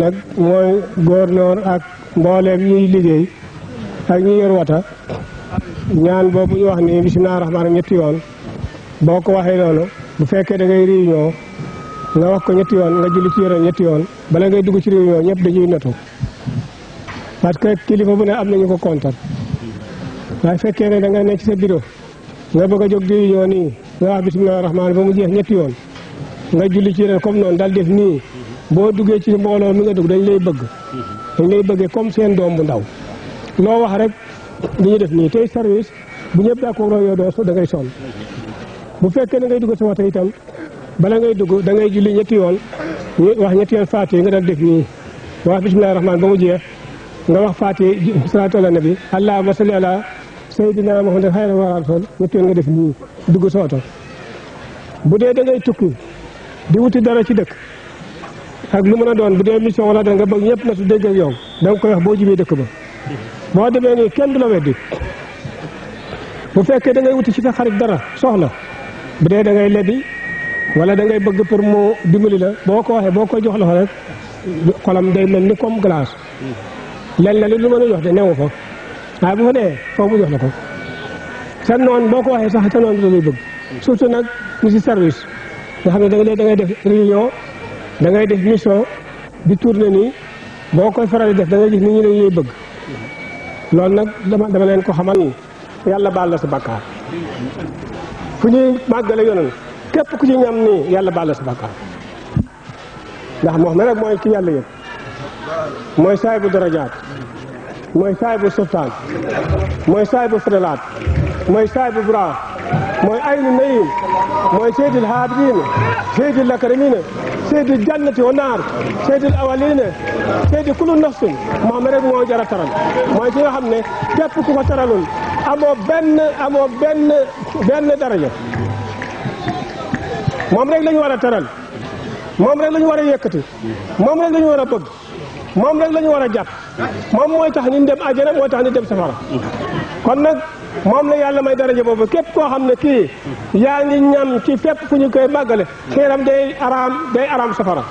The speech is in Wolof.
nag mooy góorlóor ak mbooleem ñuy liggéey ak ñi yor wata ñaan boobu ñu wax ni bisimilah rahmaan ñetti yoon boo ko waxee loolu bu fekkee da ngay nga wax ko ñetti yoon nga julli ci yore ñetti yoon bala ngay dugg ci réunion ñëpp dañuy notu parce que kilifa bu ne am nañu ko kontar waaye fekkee ne da nekk ci sa bureau nga bëgg a jóg réunion nii nga wax bisimilah rahmaan ba mu yoon nga julli noonu daal def nii boo duggee ci mbooloo mi nga dugg dañ lay bëgg dañ lay bëggee comme seen doom bu ndaw loo wax rek dañuy def nii tey service bu ñëpp d'accord yow doo da dangay sonn bu fekkee da ngay dugg si waxta itam bala ngay dugg da ngay julli ñetti yoon wax ñetti yoon faati nga dal def nii nga wax bisimilahi rahmaan ba mu jeex nga wax faati salaatu ala nabi allahumma salli ala ma muhammad ne wa rasul ñetti yoon nga def nii dugg sooto bu dee dangay ngay tukki di wuti dara ci dëkk ak lu mën a doon bu dee mission wala da nga bëgg ñëpp na su dégg ak yow da ko koy wax boo jibee dëkk ba boo demee nii kenn du la weddi bu fekkee da ngay wuti ci sa xarit dara soxla bu dee dangay ngay lebi wala da ngay bëgg pour mu dimbali la boo ko waxee boo koy jox loxo rek day mel ni comme glace lenn la li lu mën yox jox de newu fa waaye bu fa nee foofu mu jox la ko sa noon boo ko waxee sax sa noon du la muy bëgg surtout nag ñu si service nga xam ne da ngay def réunion da ngay def mission di tourné nii boo koy faral def da ngay gis nit ñi bëgg loolu nag dama dama leen ko xamal ni yàlla baal la sa bakkaar fu ñuy màggale yoonal képp ku ci ñam nii yàlla baal la sa bakkaar ndax moo xam ne rek mooy ci yàlla yëpp mooy saay bu darajaat mooy saay bu sultaan mooy saay bu fadalaat mooy saay bu bra mooy aynu nayin mooy seydil haabidin seydil akramina سيد الجنة والنار سيد الأولين سيد كل نفس ما مريد ما جرى ترى ما يجي حمنا كيف كوكو ترى لون أما بن أما بن بن درجة ما مريد لين ولا ترى ما مريد لين ولا يكتي ما مريد لين ولا بق ما مريد لين ولا جاب ما مو يتحنين دم أجنم ويتحنين دم سفارة kon nag moom la yàlla may daraja boobu képp koo xam ne kii yaa ngi ñam ci fépp fu ñu koy màggale xeeram day araam day araam safara